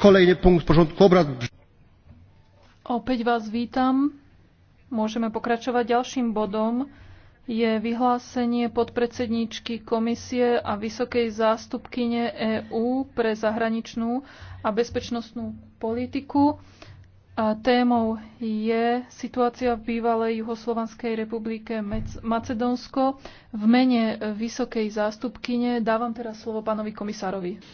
Kolejny punkt porządku obrad. Opäť vás vítam. Môžeme pokračovať ďalším bodom. Je vyhlásenie podpredsedníčky komisie a vysokej zástupkyne EÚ pre zahraničnú a bezpečnostnú politiku. A témou je situácia v bývalej Juhoslovanskej republike Macedónsko. V mene vysokej zástupkyne dávam teraz slovo pánovi komisárovi.